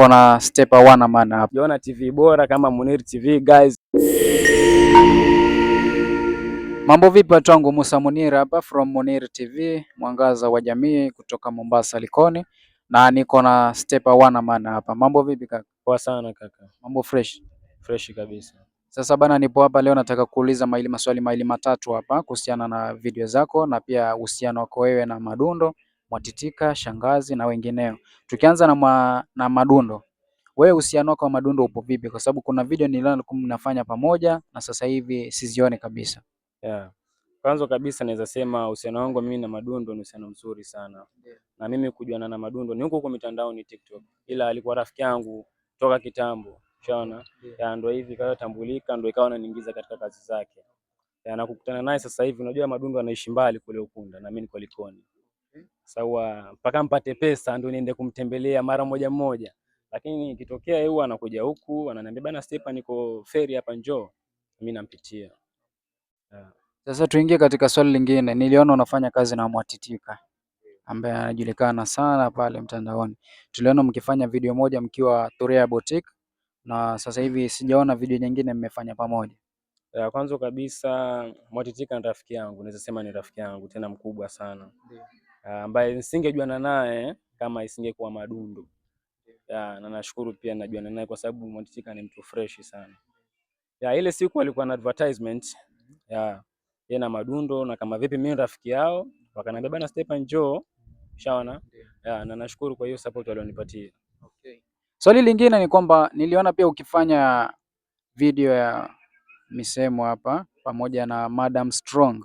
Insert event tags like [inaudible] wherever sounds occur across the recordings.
tuko na Stepa Wana maana hapa. Jiona TV bora kama Munir TV guys. Mambo vipi watu wangu, Musa Munir hapa from Munir TV, mwangaza wa jamii kutoka Mombasa Likoni, na niko na Stepa Wana maana hapa. Mambo vipi kaka? Poa sana kaka. Mambo fresh. Fresh kabisa. Sasa bana, nipo hapa leo, nataka kuuliza maili maswali maili matatu hapa kuhusiana na video zako na pia uhusiano wako wewe na Madundo Mwatitika, Shangazi na wengineo. Tukianza na ma, na Madundo, wewe uhusiano wako wa Madundo upo vipi? Kwa sababu kuna video nilikuwa mlikuwa mnafanya pamoja na sasa hivi sizione kabisa. Yeah. Kwanza kabisa naweza sema uhusiano wangu mimi na Madundo ni uhusiano mzuri sana. Yeah. Na mimi kujuana na Madundo ni huko huko ni TikTok. Ila alikuwa rafiki yangu toka kitambo. Unaona? Yeah. Ndio hivi kaza tambulika, ndio ikawa ananiingiza katika kazi zake. Ya, nakukutana naye sasa hivi, unajua Madundo anaishi mbali kule Ukunda na mimi niko Likoni sawa, mpaka mpate pesa ndio niende kumtembelea mara moja moja. Lakini ikitokea yeye anakuja huku ananiambia bana, Stepa, niko feri hapa, njoo, mimi nampitia. Sasa tuingie katika swali lingine. Niliona unafanya kazi na Mwatitika ambaye anajulikana sana pale mtandaoni. Tuliona mkifanya video moja mkiwa Turea Boutique na sasa hivi sijaona video nyingine mmefanya pamoja. Kwanza kabisa Mwatitika ni rafiki yangu, naweza sema ni rafiki yangu tena mkubwa sana. Ah, ambaye nisingejuana naye kama isingekuwa Madundu. Ya, ah, na nashukuru pia najuana naye kwa sababu Mwantichika ni mtu fresh sana. Ya, ah, ile siku alikuwa na advertisement ya ye na Madundo na kama vipi mimi rafiki yao, wakaniambia bana Stephane njoo. Shaona? Ya, na nashukuru kwa hiyo support walionipatia. Okay. Swali lingine ni kwamba niliona pia ukifanya video ya misemo hapa pamoja na Madam Strong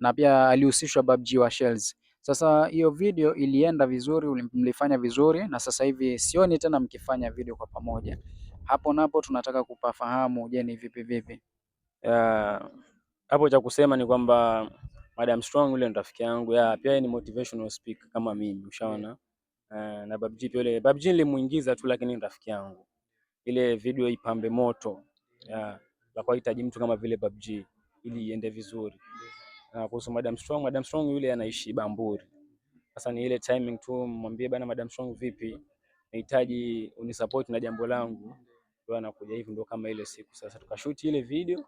na pia alihusishwa Babji wa Shells. Sasa hiyo video ilienda vizuri, mlifanya vizuri, na sasa hivi sioni tena mkifanya video kwa pamoja. Hapo napo tunataka kupafahamu, je, ni vipi vipi? Hapo cha kusema ni kwamba Madam Strong yule ni rafiki yangu ya pia ni motivational speaker kama mimi, ushaona Uh, na Babji pia yule Babji nilimuingiza tu, lakini ni rafiki yangu, ile video ipambe moto Ya, la kuhitaji mtu kama vile Babji ili iende vizuri uh, kuhusu Madam Strong. Madam Strong yule anaishi Bamburi. Sasa ni ile timing tu mwambie bana Madam Strong, vipi, nahitaji unisupport na jambo langu, ndio anakuja hivi, ndio kama ile siku sasa tukashuti ile video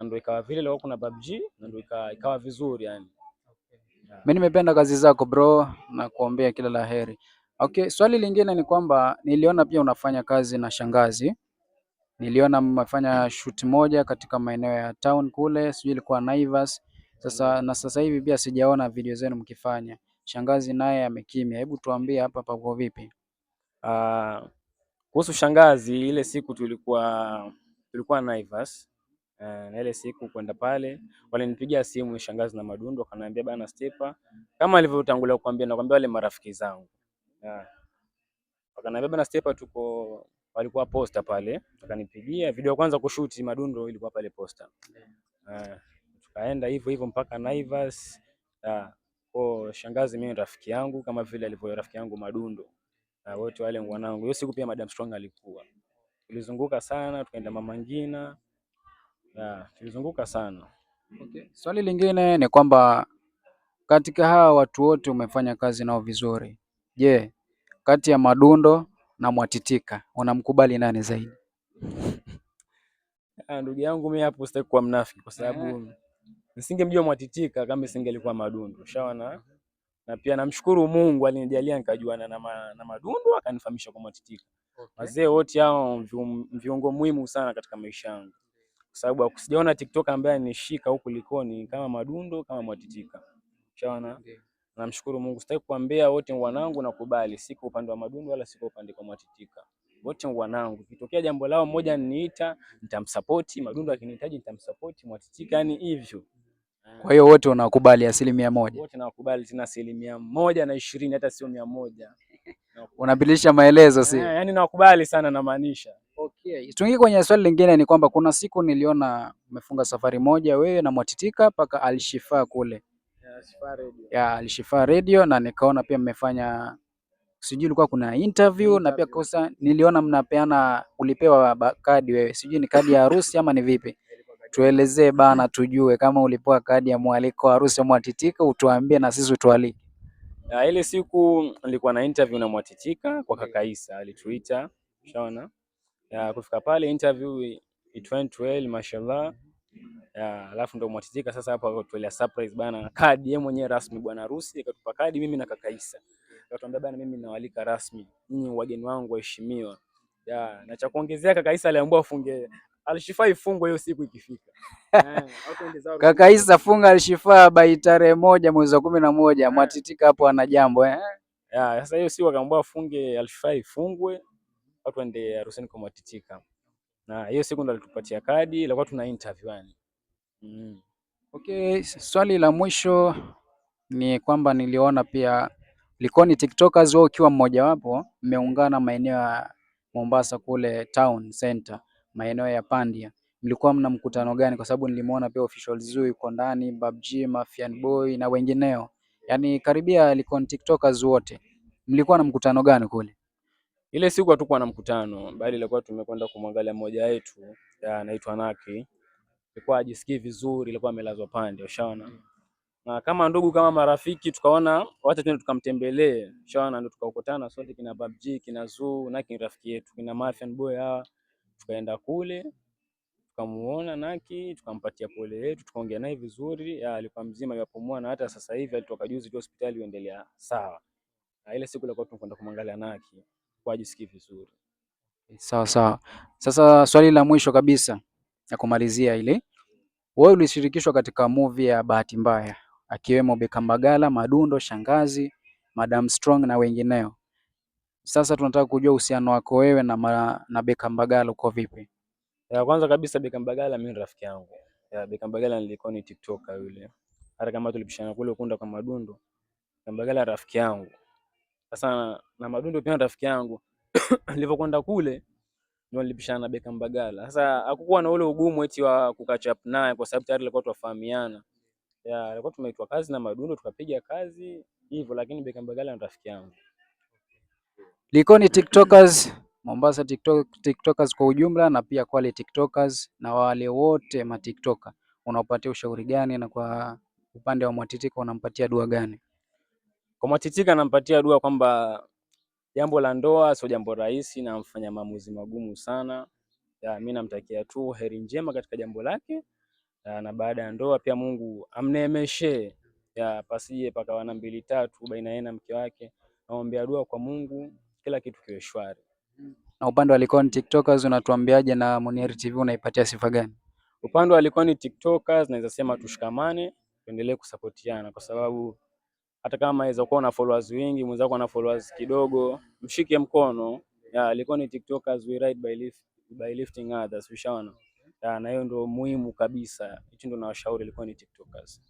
na ndio ikawa vile leo kuna PUBG na ndio ikawa ikawa vizuri yani. Mimi nimependa kazi zako bro na kuombea kila la heri. Okay, swali lingine ni kwamba niliona pia unafanya kazi na shangazi. Niliona mmefanya shoot moja katika maeneo ya town kule, sijui ilikuwa Naivas. Sasa na sasa hivi pia sijaona video zenu mkifanya. Shangazi naye amekimya. Hebu tuambie hapa pako vipi? Uh, kuhusu shangazi, ile siku tulikuwa tulikuwa Naivas uh, na ile siku kwenda pale walinipigia simu shangazi na Madundo akaniambia bana Stipa, kama alivyotangulia kukwambia, na nakwambia wale marafiki zangu uh, wakaniambia bana Stipa, tuko walikuwa posta pale, akanipigia video kwanza kushuti Madundo ilikuwa pale posta uh, kaenda hivyo hivyo mpaka Naivas. Kwa shangazi mimi rafiki yangu kama vile alivyo rafiki yangu Madundo na wote wale wanangu. Hiyo siku pia Madam Strong alikuwa. Tulizunguka sana tukaenda Mama Ngina. Na tulizunguka sana. Okay. Swali lingine ni kwamba katika hawa watu wote umefanya kazi nao vizuri. Je, kati ya Madundo na Mwatitika unamkubali nani zaidi? [laughs] Ah, ndugu yangu mimi hapo sitaki kuwa mnafiki kwa sababu yeah. Nisingemjua Mwatitika kama isingelikuwa Madundu. Ushaona? Mhm. Na pia namshukuru Mungu alinijalia nikajuana na, ma, na Madundu akanifahamisha kwa Mwatitika. Okay. Wazee wote hao viungo muhimu sana katika maisha yangu. Kwa sababu sijaona TikTok ambaye anishika huku likoni kama Madundu kama Mwatitika. Ushaona? Okay. Namshukuru Mungu. Sitaki kuambia wote wanangu, nakubali siko upande wa Madundu wala siko upande kwa Mwatitika. Wote wanangu. Kitokea jambo lao, mmoja niita, nitamsapoti. Madundu akinihitaji nitamsapoti. Mwatitika, yani hivyo. Eh. Kwa hiyo wote unakubali asilimia moja? Wote nakubali, tena asilimia moja na ishirini, hata sio mia moja. [laughs] Unapitisha maelezo si? Yeah, Yaani nakubali sana, namaanisha. Okay. Tuingie kwenye swali lingine, ni kwamba kuna siku niliona umefunga safari moja wewe na Mwatitika mpaka Alshifa kule ya Alshifa Radio na nikaona pia mmefanya sijui ilikuwa kuna interview, interview. Na pia kosa niliona mnapeana, ulipewa kadi wewe, sijui ni kadi ya harusi ama ni vipi? Tuelezee bana tujue kama ulipoa kadi ya mwaliko wa harusi ya Mwatitika utuambie na sisi utualike. Ya, ile siku nilikuwa na interview na Mwatitika kwa kaka Isa alituita, ushaona? Ya kufika pale interview it went well mashallah. Ya alafu ndo Mwatitika sasa hapo akatuelea surprise bana kadi yeye mwenyewe rasmi bwana harusi akatupa kadi mimi na kaka Isa. Akatuambia bana mimi nawalika rasmi. Ninyi wageni wangu waheshimiwa. Ya na cha kuongezea kaka Isa aliambiwa afunge Alshifa ifungwe hiyo siku ikifika. [laughs] Eh, Kaka Isa funga Alshifa bai tarehe moja mwezi wa kumi na moja eh. mwatitika hapo ana jambo eh. Ya, sasa hiyo siku akaambiwa afunge Alshifa ifungwe watu waende harusini kwa mwatitika. Na hiyo siku ndo alitupatia kadi ilikuwa tuna interview yani. Mm. Okay, swali la mwisho ni kwamba niliona pia Likoni ni TikTokers, wewe ukiwa wapo mmeungana maeneo ya Mombasa kule town center maeneo ya Pandya. Mlikuwa mna mkutano gani? Kwa sababu nilimuona pia Official Zoo yuko ndani, Babji, Mafian Boy na wengineo, yani karibia alikuwa ni tiktokers wote. Mlikuwa na mkutano gani kule? Ile siku hatukuwa na mkutano, bali ilikuwa tumekwenda kumwangalia mmoja wetu anaitwa Naki. Ilikuwa ajisikii vizuri, ilikuwa amelazwa pande, ushaona. Na kama ndugu kama marafiki tukaona wacha twende tukamtembelee. Ushaona, ndio tukaokotana sote kina Babji, kina Zoo, Naki rafiki yetu, kina Mafian Boy hawa. Tukaenda kule tukamuona Naki, tukampatia pole yetu, tukaongea naye vizuri. Alikuwa mzima, yapumua na hata sasa hivi alitoka juzi tu hospitali, uendelea sawa. Na ile siku ilikuwa tunakwenda kumwangalia Naki kwa ajisikii vizuri. Sawa sawa. Sasa swali la mwisho kabisa ya kumalizia ile, wewe ulishirikishwa katika movie ya Bahati Mbaya, akiwemo Beka Mbagala, Madundo, Shangazi, Madam Strong na wengineo. Sasa tunataka kujua uhusiano wako wewe na, ma, na Beka Mbagala uko vipi? Ya kwanza kabisa Beka Mbagala mimi ni rafiki yangu. Ya Beka Mbagala nilikuwa ni TikToker yule. Hata kama tulipishana kule ukunda kwa Madundu. Beka Mbagala rafiki yangu. Sasa na Madundu pia rafiki yangu. [coughs] Nilipokwenda kule ndio nilipishana na Beka Mbagala. Sasa hakukuwa na ule ugumu eti wa kukachap naye kwa sababu tayari tulikuwa tunafahamiana. Ya alikuwa tumeitwa kazi na Madundu tukapiga kazi hivyo, lakini Beka Mbagala ni rafiki yangu. Likoni TikTokers, Mombasa TikTok, TikTokers kwa ujumla na pia Kwale TikTokers na wale wote ma TikToker, unaopatia ushauri gani na kwa upande wa Mwatitika unampatia dua gani? Kwa Mwatitika nampatia dua kwamba jambo la ndoa sio jambo rahisi na mfanya maamuzi magumu sana. Ya, Mimi namtakia tu heri njema katika jambo lake ya, na baada ya ndoa pia Mungu amneemeshe pasije pakawa na mbili tatu baina yeye na mke wake. Naombea dua kwa Mungu kila kitu kiwe shwari. Na upande wa Likoni TikTokers unatuambiaje, na Monier TV unaipatia sifa gani? Upande wa Likoni TikTokers naweza sema tushikamane, tuendelee kusapotiana kwa sababu hata kama aweza kuwa na followers wengi, mwenzako ana followers kidogo, mshike mkono. Ya, Likoni TikTokers we ride by lift, by lifting others, ushaona? Na hiyo ndio muhimu kabisa. Hicho ndio nawashauri Likoni TikTokers.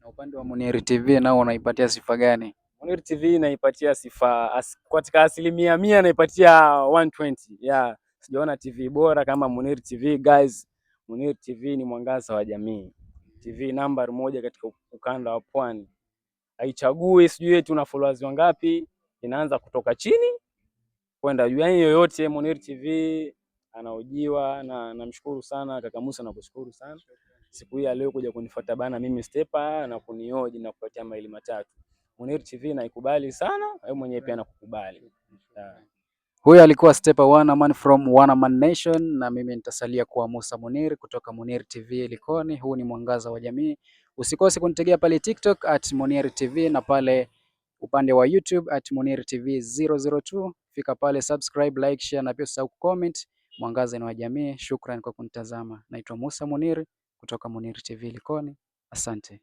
Na upande wa Monier TV nao unaipatia sifa gani? Munir TV naipatia sifa as, katika asilimia mia naipatia 120. Yeah, sijaona TV bora kama Munir TV guys. Munir TV ni mwangaza wa jamii, TV namba moja katika ukanda wa Pwani. Haichagui sijui eti una followers wangapi, inaanza kutoka chini kwenda juu, yani yoyote. Munir TV anaojiwa na namshukuru sana kaka Musa, na kushukuru sana siku hii leo kuja kunifuata bana, mimi Stepa na kunioji na kupatia maili matatu Munir TV naikubali sana, wewe mwenyewe pia nakukubali. Huyo alikuwa Stepper Wanaman from Wanaman Nation, na mimi nitasalia kuwa Musa Munir kutoka Munir TV Likoni. Huu ni mwangaza wa jamii, usikose kunitegea pale TikTok at Munir TV na pale upande wa YouTube at Munir TV 002. Fika pale subscribe, like, share na pia usahau comment. Mwangaza ni wa jamii. Shukrani kwa kunitazama. Naitwa Musa Munir kutoka Munir TV Likoni. Asante.